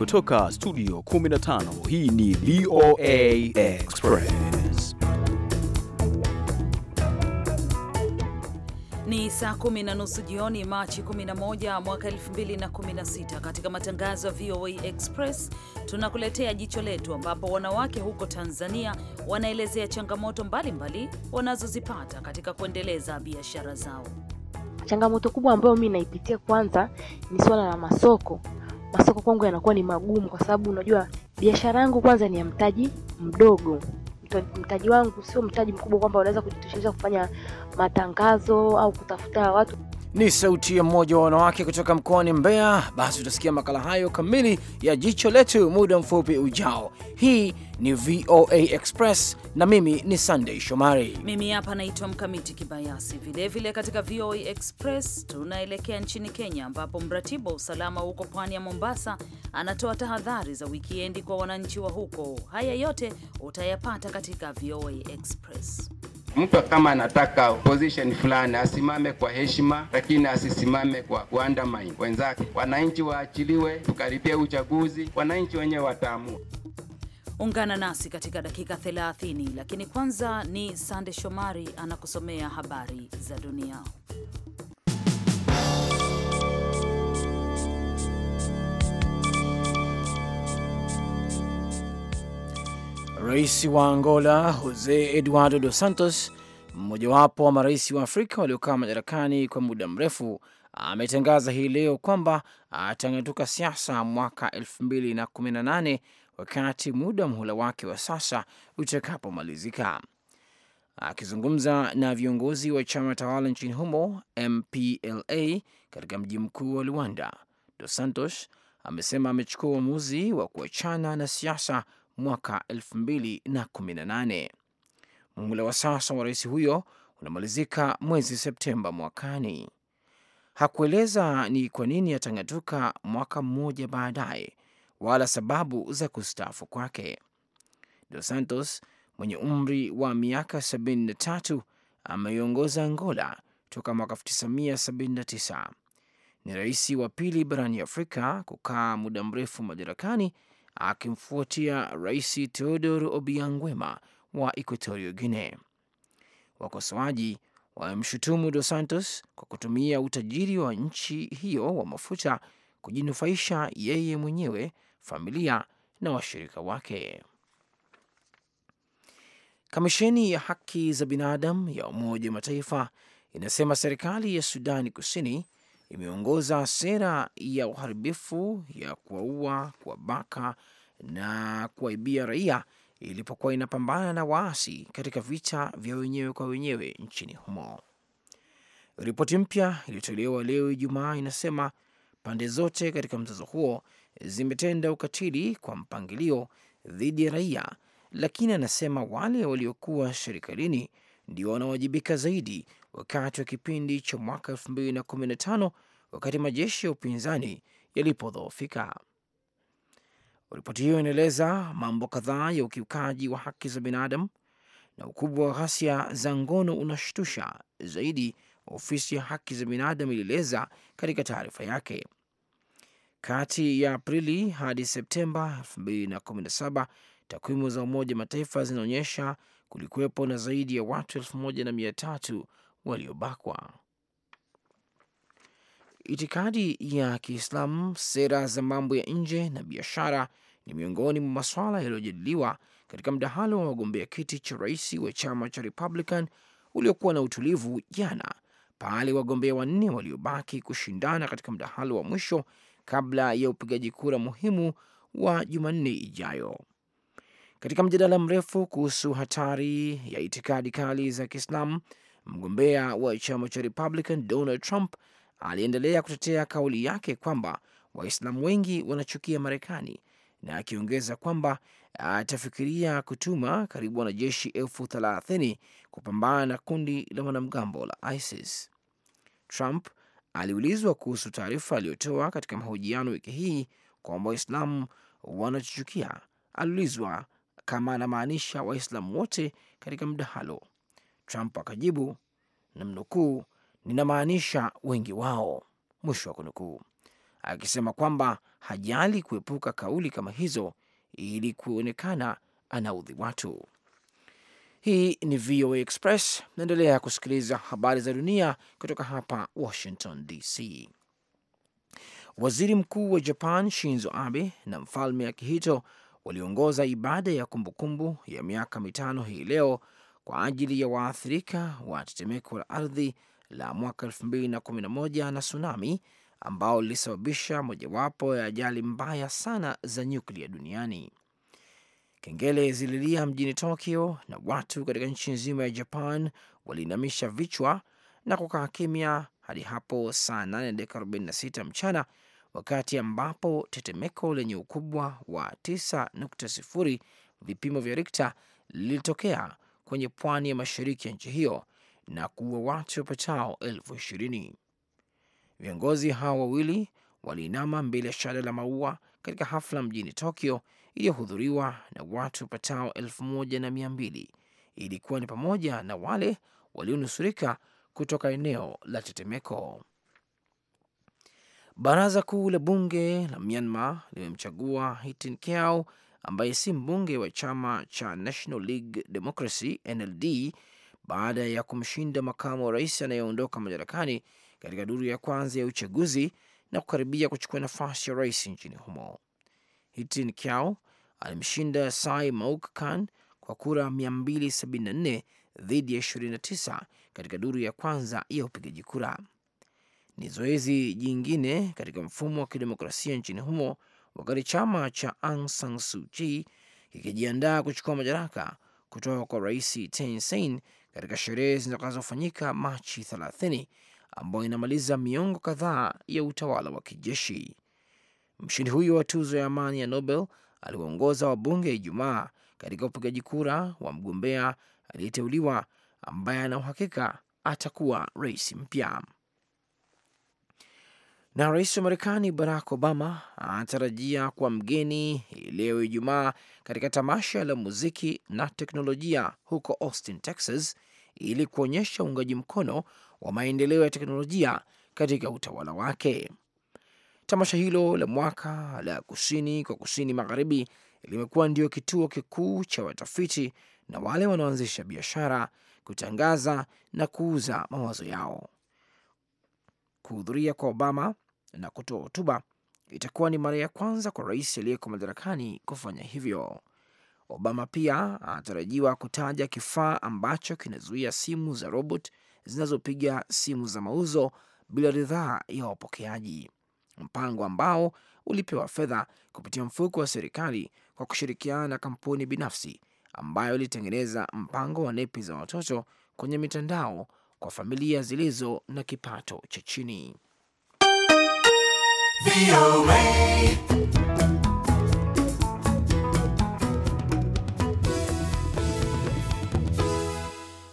kutoka studio 15 hii ni VOA Express ni saa kumi na nusu jioni Machi 11 mwaka 2016 katika matangazo ya VOA Express tunakuletea jicho letu ambapo wanawake huko Tanzania wanaelezea changamoto mbalimbali wanazozipata katika kuendeleza biashara zao changamoto kubwa ambayo mi naipitia kwanza ni swala la masoko masoko kwangu yanakuwa ni magumu, kwa sababu unajua biashara yangu kwanza ni ya mtaji mdogo mtaji wangu sio mtaji mkubwa kwamba unaweza kujitosheleza kufanya matangazo au kutafuta watu ni sauti ya mmoja wa wanawake kutoka mkoani Mbeya. Basi utasikia makala hayo kamili ya jicho letu muda mfupi ujao. Hii ni VOA Express na mimi ni sandey Shomari. Mimi hapa naitwa Mkamiti Kibayasi. Vilevile katika VOA Express tunaelekea nchini Kenya, ambapo mratibu wa usalama huko pwani ya Mombasa anatoa tahadhari za wikiendi kwa wananchi wa huko. Haya yote utayapata katika VOA Express. Mtu kama anataka position fulani asimame kwa heshima, lakini asisimame kwa kuandamana wenzake. Wananchi waachiliwe, tukaribia uchaguzi, wananchi wenyewe wataamua. Ungana nasi katika dakika 30, lakini kwanza ni Sande Shomari anakusomea habari za dunia. Rais wa Angola Jose Eduardo Dos Santos, mmojawapo wa marais wa Afrika waliokaa madarakani kwa muda mrefu, ametangaza hii leo kwamba atang'atuka siasa mwaka 2018 wakati muda mhula wake wa sasa utakapomalizika. Akizungumza na viongozi wa chama tawala nchini humo MPLA katika mji mkuu wa Luanda, Dos Santos amesema amechukua uamuzi wa kuachana na siasa mwaka 2018. Muhula wa sasa wa rais huyo unamalizika mwezi Septemba mwakani. Hakueleza ni kwa nini atang'atuka mwaka mmoja baadaye wala sababu za kustaafu kwake. Dos Santos mwenye umri wa miaka 73 ameiongoza Angola toka mwaka 1979. Ni rais wa pili barani Afrika kukaa muda mrefu madarakani akimfuatia Rais Teodor obiangwema wa Equatorio guine Wakosoaji wamemshutumu Dos Santos kwa kutumia utajiri wa nchi hiyo wa mafuta kujinufaisha yeye mwenyewe, familia na washirika wake. Kamisheni ya haki za binadamu ya Umoja wa Mataifa inasema serikali ya Sudani Kusini imeongoza sera ya uharibifu ya kuwaua, kuwabaka na kuwaibia raia ilipokuwa inapambana na waasi katika vita vya wenyewe kwa wenyewe nchini humo. Ripoti mpya iliyotolewa leo Ijumaa inasema pande zote katika mzozo huo zimetenda ukatili kwa mpangilio dhidi ya raia, lakini anasema wale waliokuwa serikalini ndio wanawajibika zaidi wakati wa kipindi cha mwaka 2015 wakati majeshi ya upinzani yalipodhoofika. Ripoti hiyo inaeleza mambo kadhaa ya ukiukaji wa haki za binadamu na ukubwa wa ghasia za ngono unashtusha zaidi, ofisi ya haki za binadamu ilieleza katika taarifa yake. Kati ya Aprili hadi Septemba 2017 takwimu za Umoja Mataifa zinaonyesha kulikuwepo na zaidi ya watu elfu moja na mia tatu waliobakwa. Itikadi ya Kiislamu, sera za mambo ya nje na biashara ni miongoni mwa maswala yaliyojadiliwa katika mdahalo wa wagombea kiti cha rais wa chama cha Republican uliokuwa na utulivu jana, pale wagombea wanne waliobaki kushindana katika mdahalo wa mwisho kabla ya upigaji kura muhimu wa Jumanne ijayo. Katika mjadala mrefu kuhusu hatari ya itikadi kali za Kiislamu Mgombea wa chama cha Republican Donald Trump aliendelea kutetea kauli yake kwamba Waislamu wengi wanachukia Marekani na akiongeza kwamba atafikiria kutuma karibu wanajeshi elfu thelathini kupambana na kundi la wanamgambo la ISIS. Trump aliulizwa kuhusu taarifa aliyotoa katika mahojiano wiki hii kwamba Waislamu wanachukia. Aliulizwa kama anamaanisha Waislamu wote katika mdahalo Trump akajibu namnukuu, ninamaanisha wengi wao, mwisho wa kunukuu, akisema kwamba hajali kuepuka kauli kama hizo ili kuonekana anaudhi watu. Hii ni VOA Express, naendelea kusikiliza habari za dunia kutoka hapa Washington DC. Waziri Mkuu wa Japan Shinzo Abe na mfalme Akihito waliongoza ibada ya kumbukumbu ya miaka mitano hii leo kwa ajili ya waathirika wa tetemeko la ardhi la mwaka 2011 na, na tsunami ambao lilisababisha mojawapo ya ajali mbaya sana za nyuklia duniani. Kengele zililia mjini Tokyo na watu katika nchi nzima ya Japan waliinamisha vichwa na kukaa kimya hadi hapo saa 8:46 mchana, wakati ambapo tetemeko lenye ukubwa wa 9.0 vipimo vya Rikta lilitokea kwenye pwani ya mashariki ya nchi hiyo na kuua watu wapatao elfu ishirini. Viongozi hawa wawili waliinama mbele ya shada la maua katika hafla mjini Tokyo iliyohudhuriwa na watu wapatao elfu moja na mia mbili. Ilikuwa ni pamoja na wale walionusurika kutoka eneo la tetemeko. Baraza kuu la bunge la Myanmar limemchagua hitinkau Kyaw ambaye si mbunge wa chama cha National League Democracy NLD baada ya kumshinda makamu wa rais anayeondoka madarakani katika duru ya kwanza ya uchaguzi na kukaribia kuchukua nafasi ya rais nchini humo. Hitin Kiao alimshinda Sai Mauk Kan kwa kura 274 dhidi ya 29 katika duru ya kwanza ya upigaji kura. Ni zoezi jingine katika mfumo wa kidemokrasia nchini humo wakati chama cha Aung San Suu Kyi kikijiandaa kuchukua madaraka kutoka kwa Rais Thein Sein katika sherehe zitakazofanyika Machi 30 ambayo inamaliza miongo kadhaa ya utawala wa kijeshi. Mshindi huyo wa tuzo ya amani ya Nobel aliwaongoza wabunge Ijumaa katika upigaji kura wa mgombea aliyeteuliwa ambaye ana uhakika atakuwa rais mpya. Na rais wa Marekani Barack Obama anatarajia kuwa mgeni leo Ijumaa katika tamasha la muziki na teknolojia huko Austin, Texas, ili kuonyesha uungaji mkono wa maendeleo ya teknolojia katika utawala wake. Tamasha hilo la mwaka la kusini kwa kusini magharibi limekuwa ndio kituo kikuu cha watafiti na wale wanaoanzisha biashara kutangaza na kuuza mawazo yao. Kuhudhuria kwa Obama na kutoa hotuba itakuwa ni mara ya kwanza kwa rais aliyeko madarakani kufanya hivyo. Obama pia anatarajiwa kutaja kifaa ambacho kinazuia simu za robot zinazopiga simu za mauzo bila ridhaa ya wapokeaji, mpango ambao ulipewa fedha kupitia mfuko wa serikali kwa kushirikiana na kampuni binafsi ambayo ilitengeneza mpango wa nepi za watoto kwenye mitandao kwa familia zilizo na kipato cha chini.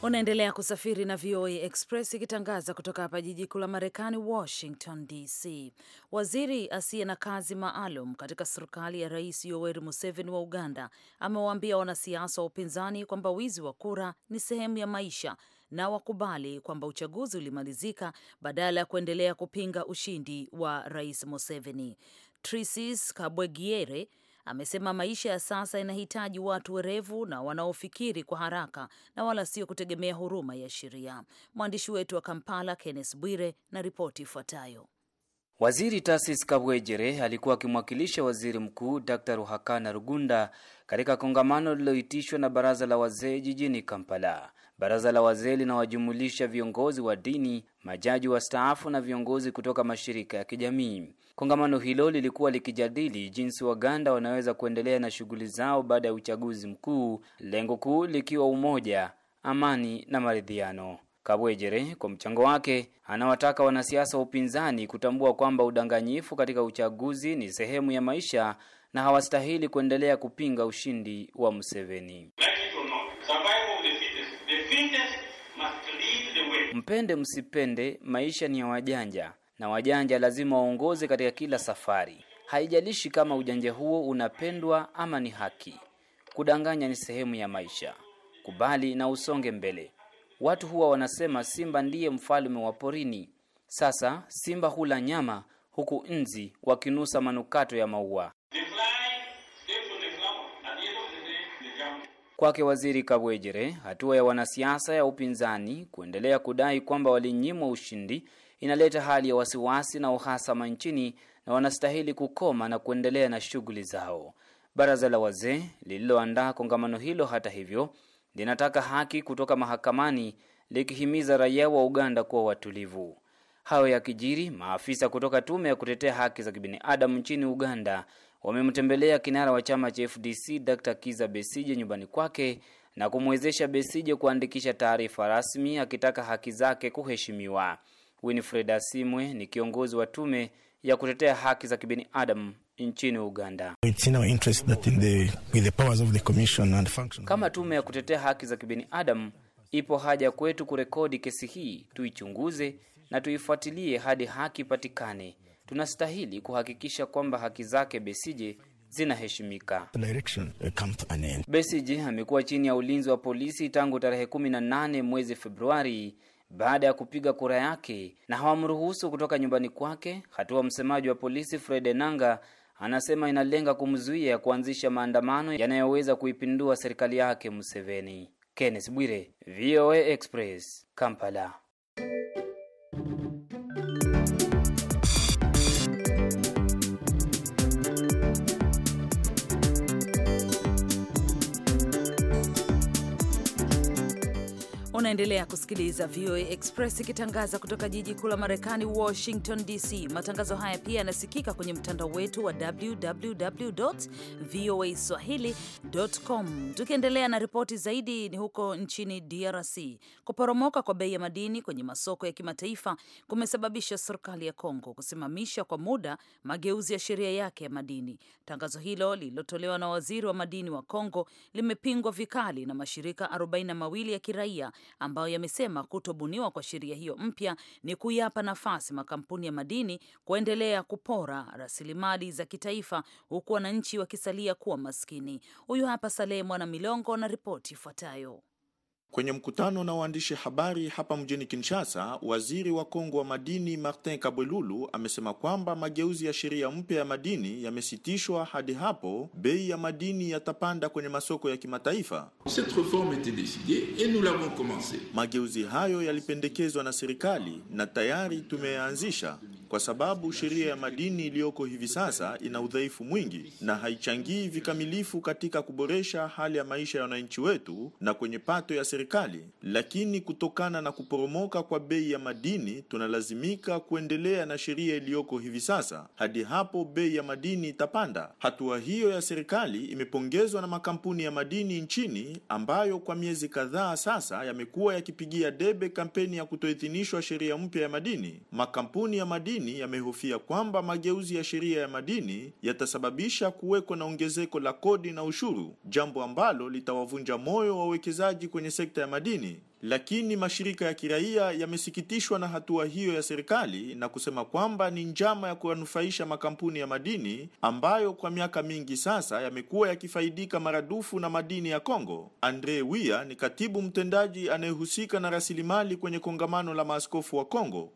Unaendelea kusafiri na VOA Express ikitangaza kutoka hapa jiji kuu la Marekani, Washington DC. Waziri asiye na kazi maalum katika serikali ya Rais Yoweri Museveni wa Uganda amewaambia wanasiasa wa upinzani kwamba wizi wa kura ni sehemu ya maisha na wakubali kwamba uchaguzi ulimalizika badala ya kuendelea kupinga ushindi wa Rais Museveni. trisis Kabwegiere amesema maisha ya sasa yanahitaji watu werevu na wanaofikiri kwa haraka na wala sio kutegemea huruma ya sheria. Mwandishi wetu wa Kampala Kenneth Bwire na ripoti ifuatayo. Waziri Tasis Kabwejere alikuwa akimwakilisha Waziri Mkuu Dr. Ruhakana Rugunda katika kongamano lililoitishwa na baraza la wazee jijini Kampala. Baraza la wazee linawajumulisha viongozi wa dini, majaji wastaafu na viongozi kutoka mashirika ya kijamii. Kongamano hilo lilikuwa likijadili jinsi Waganda wanaweza kuendelea na shughuli zao baada ya uchaguzi mkuu, lengo kuu likiwa umoja, amani na maridhiano. Kabwejere kwa mchango wake anawataka wanasiasa wa upinzani kutambua kwamba udanganyifu katika uchaguzi ni sehemu ya maisha na hawastahili kuendelea kupinga ushindi wa Museveni. Mpende msipende, maisha ni ya wajanja na wajanja lazima waongoze katika kila safari. Haijalishi kama ujanja huo unapendwa ama ni haki. Kudanganya ni sehemu ya maisha. Kubali na usonge mbele. Watu huwa wanasema simba ndiye mfalme wa porini. Sasa simba hula nyama huku nzi wakinusa manukato ya maua. Kwake Waziri Kabwejere, hatua ya wanasiasa ya upinzani kuendelea kudai kwamba walinyimwa ushindi inaleta hali ya wasiwasi na uhasama nchini na wanastahili kukoma na kuendelea na shughuli zao. Baraza la wazee lililoandaa kongamano hilo, hata hivyo, linataka haki kutoka mahakamani likihimiza raia wa Uganda kuwa watulivu. Hayo yakijiri, maafisa kutoka tume ya kutetea haki za kibinadamu nchini Uganda wamemtembelea kinara wa chama cha FDC Dr. Kiza Besije nyumbani kwake na kumwezesha Besije kuandikisha taarifa rasmi akitaka haki zake kuheshimiwa. Winfred Asimwe ni kiongozi wa tume ya kutetea haki za kibinadamu nchini Uganda. Kama tume ya kutetea haki za kibinadamu ipo haja kwetu kurekodi kesi hii, tuichunguze na tuifuatilie hadi haki patikane tunastahili kuhakikisha kwamba haki zake Besije zinaheshimika. Uh, Besije amekuwa chini ya ulinzi wa polisi tangu tarehe 18 mwezi Februari baada ya kupiga kura yake na hawamruhusu kutoka nyumbani kwake, hatua msemaji wa polisi Fred Enanga anasema inalenga kumzuia kuanzisha maandamano yanayoweza kuipindua serikali yake Museveni. Kenneth Bwire, VOA Express, Kampala. Unaendelea kusikiliza VOA Express ikitangaza kutoka jiji kuu la Marekani, Washington DC. Matangazo haya pia yanasikika kwenye mtandao wetu wa www voa swahili.com. Tukiendelea na ripoti zaidi, ni huko nchini DRC. Kuporomoka kwa bei ya madini kwenye masoko ya kimataifa kumesababisha serikali ya congo kusimamisha kwa muda mageuzi ya sheria yake ya madini. Tangazo hilo lililotolewa na waziri wa madini wa congo limepingwa vikali na mashirika 42 ya kiraia ambayo yamesema kutobuniwa kwa sheria hiyo mpya ni kuyapa nafasi makampuni ya madini kuendelea kupora rasilimali za kitaifa huku wananchi wakisalia kuwa maskini. Huyu hapa Salehe Mwana Milongo na ripoti ifuatayo. Kwenye mkutano na waandishi habari hapa mjini Kinshasa, waziri wa Kongo wa madini Martin Kabwelulu amesema kwamba mageuzi ya sheria mpya ya madini yamesitishwa hadi hapo bei ya madini yatapanda kwenye masoko ya kimataifa. Cette reforme était et nous l'avons Mageuzi hayo yalipendekezwa na serikali na tayari tumeyaanzisha kwa sababu sheria ya madini iliyoko hivi sasa ina udhaifu mwingi na haichangii vikamilifu katika kuboresha hali ya maisha ya wananchi wetu na kwenye pato ya serikali. Lakini kutokana na kuporomoka kwa bei ya madini, tunalazimika kuendelea na sheria iliyoko hivi sasa hadi hapo bei ya madini itapanda. Hatua hiyo ya serikali imepongezwa na makampuni ya madini nchini ambayo kwa miezi kadhaa sasa yamekuwa yakipigia debe kampeni ya kutoidhinishwa sheria mpya ya madini. Makampuni ya madini madini yamehofia kwamba mageuzi ya sheria ya madini yatasababisha kuwekwa na ongezeko la kodi na ushuru, jambo ambalo litawavunja moyo wawekezaji kwenye sekta ya madini lakini mashirika ya kiraia yamesikitishwa na hatua hiyo ya serikali na kusema kwamba ni njama ya kuwanufaisha makampuni ya madini ambayo kwa miaka mingi sasa yamekuwa yakifaidika maradufu na madini ya Kongo. Andre Wia ni katibu mtendaji anayehusika na rasilimali kwenye kongamano la maaskofu wa Kongo.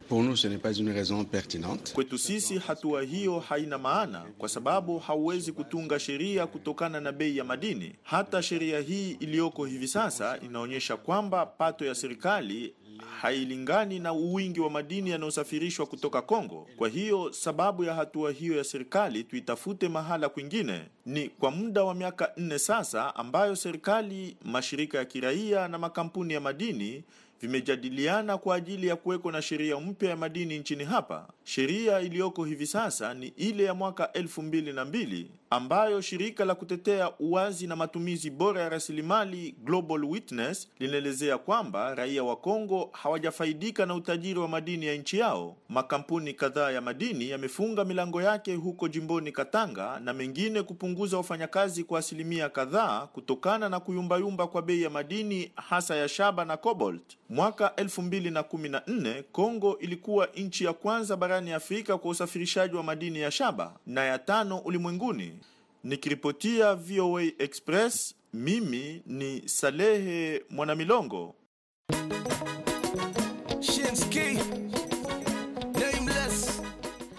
Kwetu sisi hatua hiyo haina maana kwa sababu hauwezi kutunga sheria kutokana na bei ya madini. Hata sheria hii iliyoko hivi sasa inaonyesha kwamba pato mapato ya serikali hailingani na uwingi wa madini yanayosafirishwa kutoka Kongo. Kwa hiyo sababu ya hatua hiyo ya serikali tuitafute mahala kwingine. Ni kwa muda wa miaka nne sasa ambayo serikali, mashirika ya kiraia na makampuni ya madini vimejadiliana kwa ajili ya kuweko na sheria mpya ya madini nchini hapa. Sheria iliyoko hivi sasa ni ile ya mwaka elfu mbili na mbili ambayo shirika la kutetea uwazi na matumizi bora ya rasilimali Global Witness linaelezea kwamba raia wa Kongo hawajafaidika na utajiri wa madini ya nchi yao. Makampuni kadhaa ya madini yamefunga milango yake huko jimboni Katanga na mengine kupunguza wafanyakazi kwa asilimia kadhaa kutokana na kuyumbayumba kwa bei ya madini hasa ya shaba na cobalt. Mwaka elfu mbili na kumi na nne Kongo ilikuwa nchi ya kwanza barani barani Afrika kwa usafirishaji wa madini ya shaba na ya tano ulimwenguni. Nikiripotia VOA Express, mimi ni Salehe Mwanamilongo.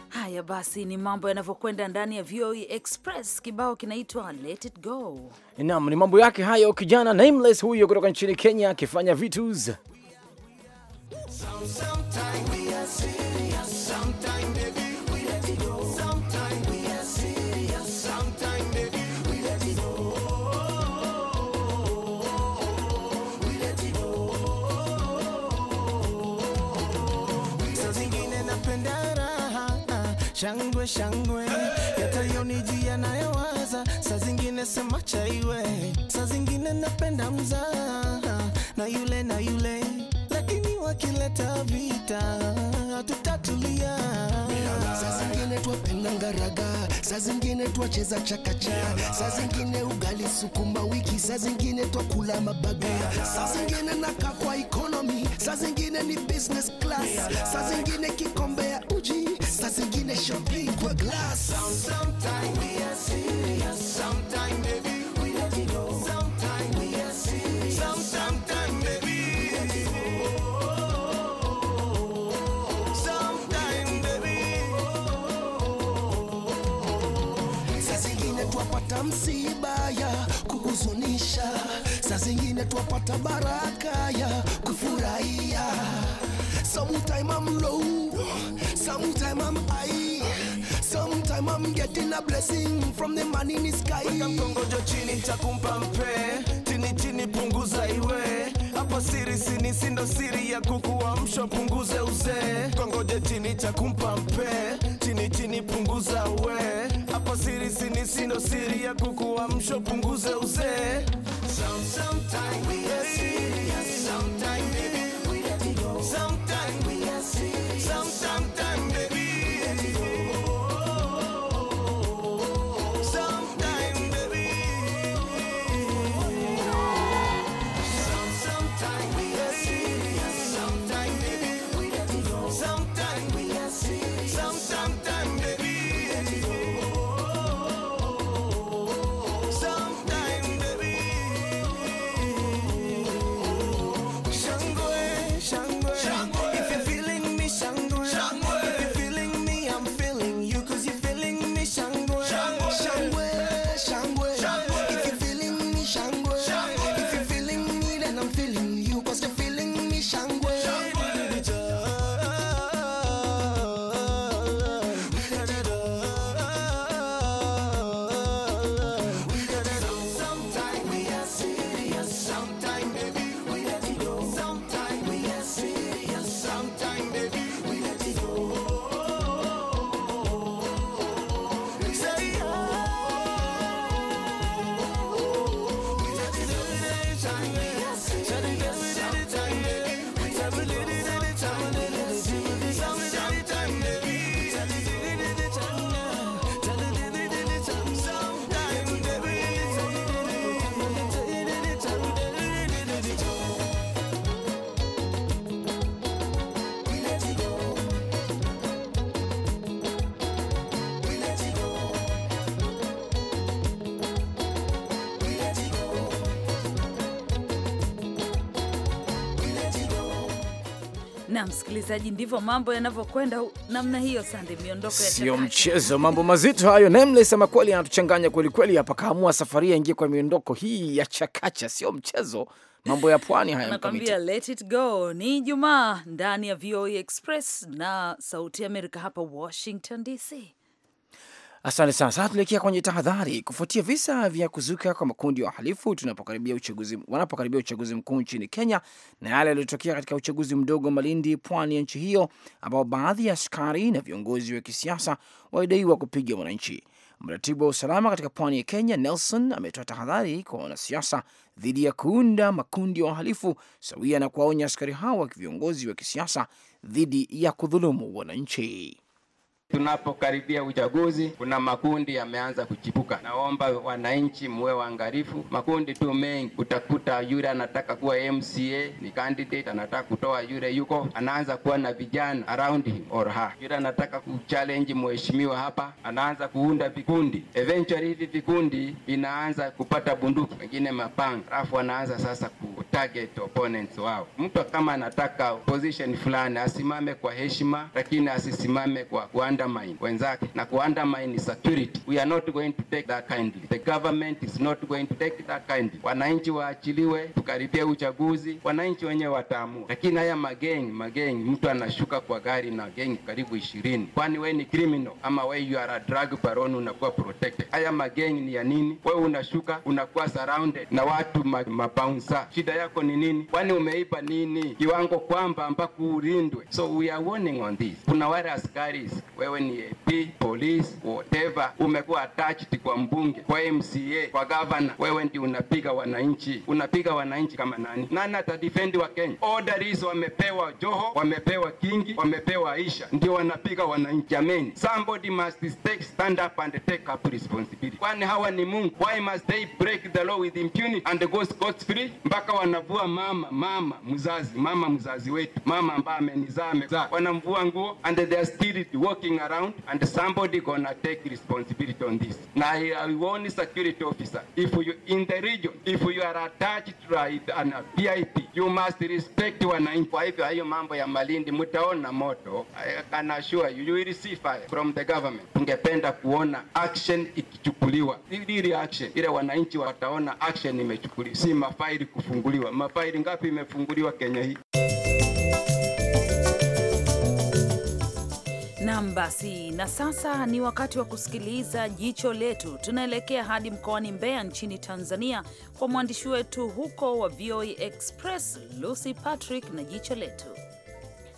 Haya basi, ni mambo yanavyokwenda ndani ya VOA Express. Kibao kinaitwa Let It Go. Naam, ni mambo yake hayo, kijana Nameless huyo kutoka nchini Kenya akifanya vitus shangwe shangwe, yatayonijia nayowaza, sa zingine sema chaiwe, sa zingine napenda mzaa na yule na yule, lakini wakileta vita tutatulia. sa zingine twapenda ngaraga, sa zingine twacheza chakacha, sa zingine ugali sukuma wiki, sa zingine twakula mabaga, sa zingine nakakwa kwa sa zingine ni business class, sa zingine kikombe ya uji nation quick glass. Some, sometime we are serious, Sometime, baby we let it go. Sometimes we are serious, some, baby we let it go. Twapata msiba ya kuhuzunisha, sa zingine twapata baraka ya kufurahia. Sometime I'm low Sometime I'm high, sometime I'm getting a blessing from the man in the sky. Weka mkongojo chini, nitakumpa mpe chini chini, punguza iwe hapo siri sini, sindo siri ya kukuamsha, punguze uzee. Kongoje chini, nitakumpa mpe chini chini, punguza uwe hapo siri sini, sindo siri ya kukuamsha, punguze uzee. Some, sometime we Naam msikilizaji, ndivyo mambo yanavyokwenda namna hiyo. Sande, miondoko ya sio mchezo, mambo mazito hayo. Nameless ama kweli anatuchanganya kweli kweli hapa, kaamua safari ingie kwa miondoko hii ya chakacha, sio mchezo mambo ya pwani haya, nakwambia. Let it go ni jumaa ndani ya VOA e Express na Sauti ya Amerika hapa Washington DC. Asante sana. Sasa tunaelekea kwenye tahadhari. Kufuatia visa vya kuzuka kwa makundi ya wahalifu tunapokaribia uchaguzi, wanapokaribia uchaguzi mkuu nchini Kenya na yale yaliyotokea katika uchaguzi mdogo Malindi, pwani ya nchi hiyo, ambao baadhi ya askari na viongozi wa kisiasa walidaiwa kupiga wananchi, mratibu wa usalama katika pwani ya Kenya Nelson ametoa tahadhari kwa wanasiasa dhidi ya kuunda makundi ya wahalifu, sawia na kuwaonya askari hao wa viongozi wa kisiasa dhidi ya kudhulumu wananchi. Tunapokaribia uchaguzi, kuna makundi yameanza kuchipuka. Naomba wananchi muwe waangalifu, makundi tu mengi. Utakuta yule anataka kuwa MCA ni candidate, anataka kutoa yule yuko anaanza kuwa na vijana around him or her. Yule anataka kuchallenge mheshimiwa hapa, anaanza kuunda vikundi. Eventually hivi vikundi vinaanza kupata bunduki, wengine mapanga, alafu anaanza sasa ku target opponents wao. Mtu kama anataka position fulani asimame kwa heshima, lakini asisimame kwa kuanda undermine wenzake na ku undermine security. We are not going to take that kindly. The government is not going to take that kindly. Wananchi waachiliwe, tukaribia uchaguzi, wananchi wenyewe wataamua. Lakini haya mageng mageng, mtu anashuka kwa gari na geng karibu ishirini, kwani we ni criminal ama we you are a drug baron, unakuwa protected? Haya mageng ni ya nini? We unashuka unakuwa surrounded na watu mabaunsa, shida yako ni nini? Kwani umeiba nini kiwango kwamba mpaka ulindwe? So we are warning on this. Kuna wale askari wewe wewe ni AP, police, whatever, umekuwa attached kwa mbunge, kwa MCA, kwa governor, wewe ndio unapiga wananchi. Unapiga wananchi kama nani? Nani atadefend wa Kenya? Order Orders wamepewa Joho, wamepewa Kingi, wamepewa Aisha, ndio wanapiga wananchi. Jameni, somebody must take stand up and take up responsibility. Kwani hawa ni Mungu? Why must they break the law with impunity and go scot free? Mpaka wanavua mama, mama mzazi, mama mzazi wetu, mama ambaye amenizaa, amezaa, wanamvua nguo and they are still walking around and somebody gonna take responsibility on this. Na I warn security officer, if you in the region, if you are attached to an PIP, you must respect wananchi. Kwa hivyo hiyo mambo ya Malindi mtaona moto, I can assure you, you will see fire from the government. Tungependa kuona action ikichukuliwa, ili action ile wananchi wataona action imechukuliwa, si mafaili kufunguliwa. Mafaili ngapi imefunguliwa Kenya hii? Nam basi, na sasa ni wakati wa kusikiliza jicho letu. Tunaelekea hadi mkoani Mbeya nchini Tanzania kwa mwandishi wetu huko wa VOA Express Lucy Patrick na jicho letu.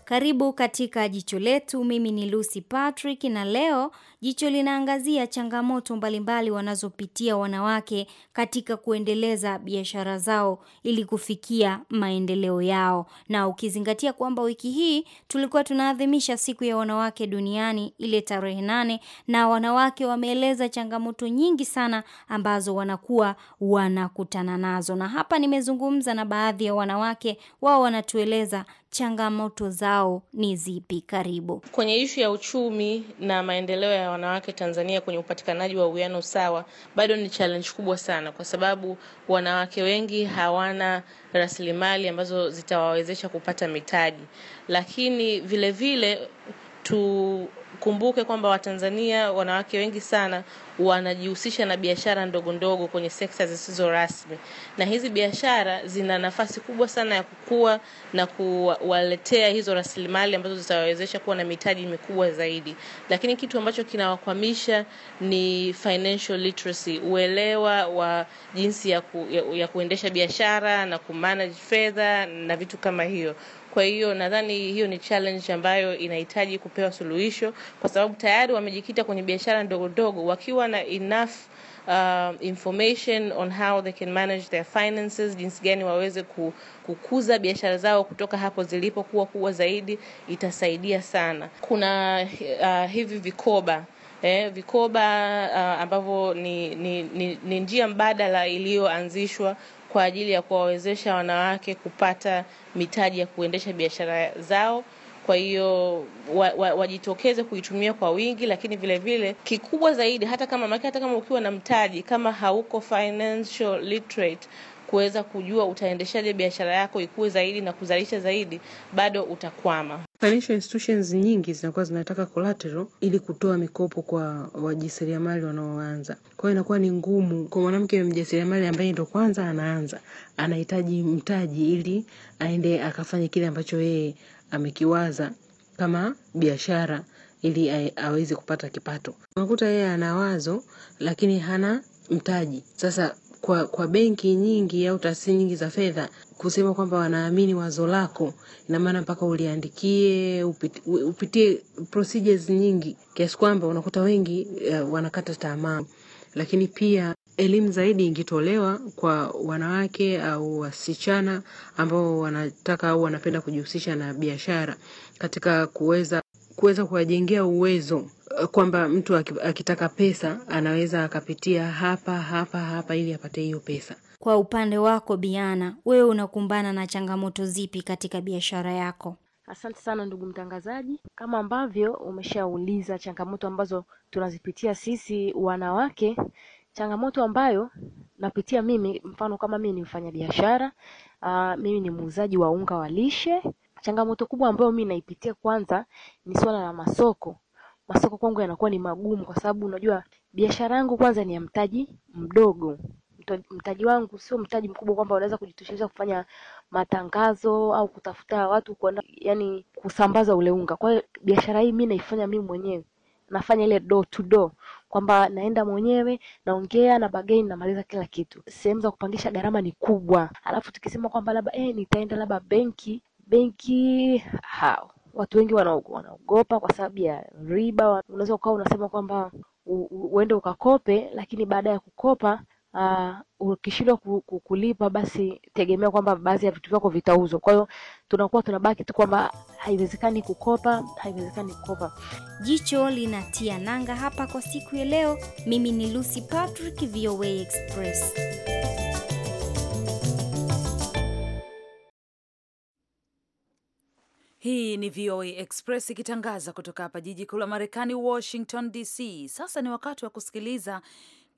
Karibu katika jicho letu. Mimi ni Lucy Patrick na leo jicho linaangazia changamoto mbalimbali wanazopitia wanawake katika kuendeleza biashara zao ili kufikia maendeleo yao. Na ukizingatia kwamba wiki hii tulikuwa tunaadhimisha siku ya wanawake duniani ile tarehe nane, na wanawake wameeleza changamoto nyingi sana ambazo wanakuwa wanakutana nazo. Na hapa nimezungumza na baadhi ya wanawake, wao wanatueleza changamoto zao ni zipi? Karibu. Kwenye ishu ya uchumi na maendeleo ya wanawake Tanzania kwenye upatikanaji wa uwiano sawa, bado ni challenge kubwa sana, kwa sababu wanawake wengi hawana rasilimali ambazo zitawawezesha kupata mitaji, lakini vile vile tu Tukumbuke kwamba Watanzania wanawake wengi sana wanajihusisha na biashara ndogo ndogo kwenye sekta zisizo rasmi, na hizi biashara zina nafasi kubwa sana ya kukua na kuwaletea hizo rasilimali ambazo zitawawezesha kuwa na mitaji mikubwa zaidi. Lakini kitu ambacho kinawakwamisha ni financial literacy, uelewa wa jinsi ya, ku, ya, ya kuendesha biashara na kumanage fedha na vitu kama hiyo. Kwa hiyo nadhani hiyo ni challenge ambayo inahitaji kupewa suluhisho, kwa sababu tayari wamejikita kwenye biashara ndogo ndogo, wakiwa na enough uh, information on how they can manage their finances, jinsi gani waweze kukuza biashara zao kutoka hapo zilipokuwa kubwa zaidi, itasaidia sana. Kuna uh, hivi vikoba Eh, vikoba uh, ambavyo ni, ni, ni, ni njia mbadala iliyoanzishwa kwa ajili ya kuwawezesha wanawake kupata mitaji ya kuendesha biashara zao. Kwa hiyo wajitokeze wa, wa kuitumia kwa wingi, lakini vile vile kikubwa zaidi, hata kama hata kama ukiwa na mtaji kama hauko financial literate kuweza kujua utaendeshaje biashara yako ikue zaidi na kuzalisha zaidi, bado utakwama. Financial institutions nyingi zinakuwa zinataka collateral ili kutoa mikopo kwa wajasiriamali wanaoanza. Kwa hiyo inakuwa ni ngumu kwa mwanamke mjasiriamali ambaye ndo kwanza anaanza, anahitaji mtaji ili aende akafanye kile ambacho yeye amekiwaza kama biashara ili aweze kupata kipato. Unakuta yeye ana wazo lakini hana mtaji. Sasa kwa, kwa benki nyingi au taasisi nyingi za fedha kusema kwamba wanaamini wazo lako, ina maana mpaka uliandikie upitie procedures nyingi kiasi kwamba unakuta wengi uh, wanakata tamaa. Lakini pia elimu zaidi ingetolewa kwa wanawake au wasichana ambao wanataka au wanapenda kujihusisha na biashara katika kuweza kuweza kuwajengea uwezo Eh, kwamba mtu akitaka pesa anaweza akapitia hapa hapa hapa ili apate hiyo pesa. Kwa upande wako Biana, wewe unakumbana na changamoto zipi katika biashara yako? Asante sana ndugu mtangazaji, kama ambavyo umeshauliza changamoto ambazo tunazipitia sisi wanawake, changamoto ambayo napitia mimi, mfano kama mimi ni mfanyabiashara, ah, mimi ni muuzaji wa unga wa lishe. Changamoto kubwa ambayo mimi naipitia kwanza ni swala la masoko masoko kwangu yanakuwa ni magumu kwa sababu unajua biashara yangu kwanza ni ya mtaji mdogo mtaji wangu sio mtaji mkubwa kwamba unaweza kujitosheleza kufanya matangazo au kutafuta watu kuanda, yani kusambaza ule unga. Kwa hiyo biashara hii mi naifanya mimi mwenyewe, nafanya ile door to door kwamba naenda mwenyewe naongea na bagain namaliza kila kitu. Sehemu za kupangisha gharama ni kubwa, alafu tukisema kwamba labda eh, nitaenda labda benki benki hao watu wengi wanaogopa kwa sababu ya riba. Unaweza ukawa unasema kwamba uende ukakope, lakini baada ya kukopa uh, ukishindwa kulipa, basi tegemea kwamba baadhi ya vitu vyako vitauzwa. Kwa hiyo tunakuwa tunabaki tu kwamba haiwezekani kukopa, haiwezekani kukopa. Jicho linatia nanga hapa kwa siku ya leo. Mimi ni Lucy Patrick, VOA Express. Hii ni VOA Express ikitangaza kutoka hapa jiji kuu la Marekani, Washington DC. Sasa ni wakati wa kusikiliza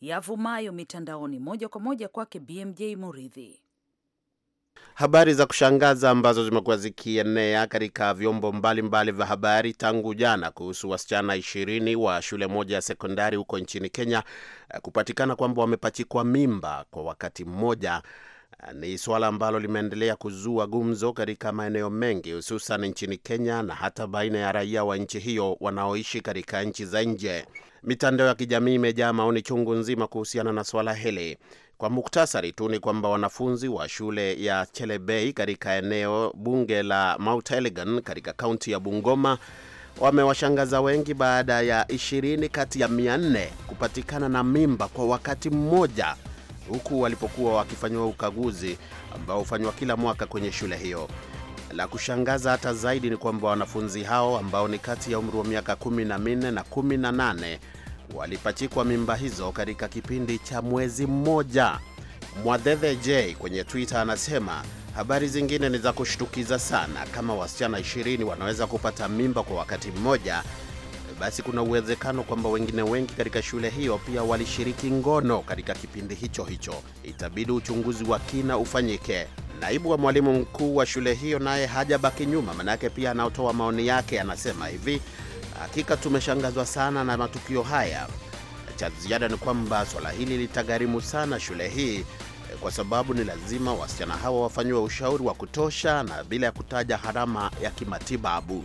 yavumayo mitandaoni, moja kwa moja kwake BMJ Muridhi. Habari za kushangaza ambazo zimekuwa zikienea katika vyombo mbalimbali vya habari tangu jana kuhusu wasichana ishirini wa shule moja ya sekondari huko nchini Kenya eh, kupatikana kwamba wamepachikwa mimba kwa wakati mmoja ni suala ambalo limeendelea kuzua gumzo katika maeneo mengi hususan nchini Kenya na hata baina ya raia wa nchi hiyo wanaoishi katika nchi za nje. Mitandao ya kijamii imejaa maoni chungu nzima kuhusiana na suala hili. Kwa muktasari tu ni kwamba wanafunzi wa shule ya Chelebei katika eneo bunge la Mount Elgon katika kaunti ya Bungoma wamewashangaza wengi baada ya 20 kati ya 4 kupatikana na mimba kwa wakati mmoja huku walipokuwa wakifanyiwa ukaguzi ambao hufanywa kila mwaka kwenye shule hiyo. La kushangaza hata zaidi ni kwamba wanafunzi hao ambao ni kati ya umri wa miaka 14 na 18 na walipachikwa mimba hizo katika kipindi cha mwezi mmoja. Mwadhedhe J kwenye Twitter anasema habari zingine ni za kushtukiza sana, kama wasichana 20 wanaweza kupata mimba kwa wakati mmoja basi kuna uwezekano kwamba wengine wengi katika shule hiyo pia walishiriki ngono katika kipindi hicho hicho. Itabidi uchunguzi wa kina ufanyike. Naibu wa mwalimu mkuu wa shule hiyo naye hajabaki nyuma, manake pia anaotoa maoni yake, anasema hivi: hakika tumeshangazwa sana na matukio haya. Cha ziada ni kwamba swala hili litagharimu sana shule hii kwa sababu ni lazima wasichana hawa wafanyiwe ushauri wa kutosha na bila ya kutaja gharama ya kimatibabu.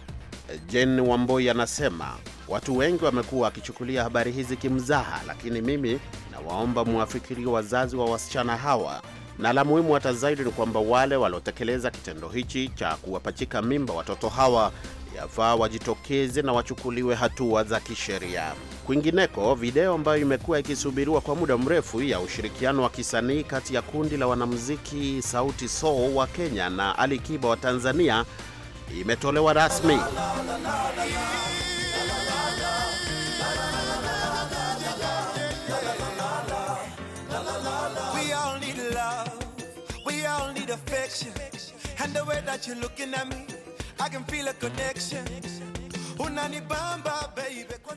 Jane Wamboi anasema Watu wengi wamekuwa wakichukulia habari hizi kimzaha, lakini mimi nawaomba mwafikirie wazazi wa wasichana hawa, na la muhimu hata zaidi ni kwamba wale waliotekeleza kitendo hichi cha kuwapachika mimba watoto hawa yafaa wajitokeze na wachukuliwe hatua za kisheria. Kwingineko, video ambayo imekuwa ikisubiriwa kwa muda mrefu ya ushirikiano wa kisanii kati ya kundi la wanamuziki Sauti Sol wa Kenya na Ali Kiba wa Tanzania imetolewa rasmi. direction. And the way that you're looking at me, I can feel a connection.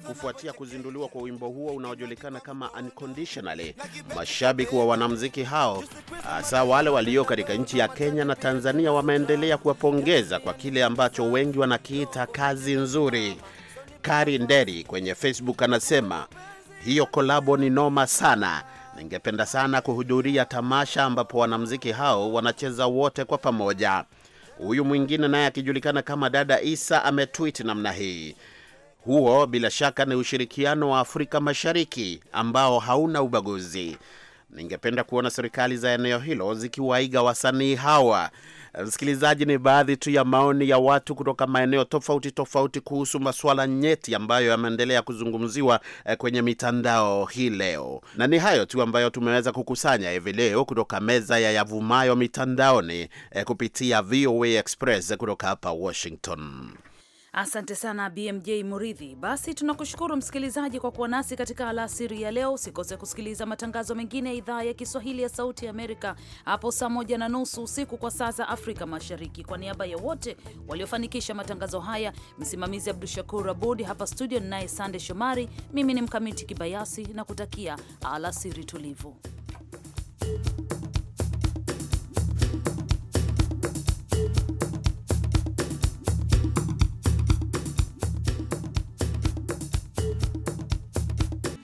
Kufuatia kuzinduliwa kwa wimbo huo unaojulikana kama Unconditionally, mashabiki wa wanamuziki hao hasa wale walio katika nchi ya Kenya na Tanzania wameendelea kuwapongeza kwa kile ambacho wengi wanakiita kazi nzuri. Kari Nderi kwenye Facebook anasema hiyo kolabo ni noma sana. Ningependa sana kuhudhuria tamasha ambapo wanamziki hao wanacheza wote kwa pamoja. Huyu mwingine naye akijulikana kama Dada Isa ametwit namna hii. Huo bila shaka ni ushirikiano wa Afrika Mashariki ambao hauna ubaguzi. Ningependa kuona serikali za eneo hilo zikiwaiga wasanii hawa. Msikilizaji, ni baadhi tu ya maoni ya watu kutoka maeneo tofauti tofauti kuhusu masuala nyeti ambayo yameendelea kuzungumziwa eh, kwenye mitandao hii leo, na ni hayo tu ambayo tumeweza kukusanya hivi leo kutoka meza ya yavumayo mitandaoni eh, kupitia VOA Express kutoka hapa Washington. Asante sana BMJ Muridhi. Basi tunakushukuru msikilizaji kwa kuwa nasi katika alasiri ya leo. Usikose kusikiliza matangazo mengine ya idhaa ya Kiswahili ya Sauti ya Amerika hapo saa moja na nusu usiku kwa saa za Afrika Mashariki. Kwa niaba ya wote waliofanikisha matangazo haya, msimamizi Abdu Shakur Abud hapa studio, ninaye Sande Shomari, mimi ni Mkamiti Kibayasi na kutakia alasiri tulivu.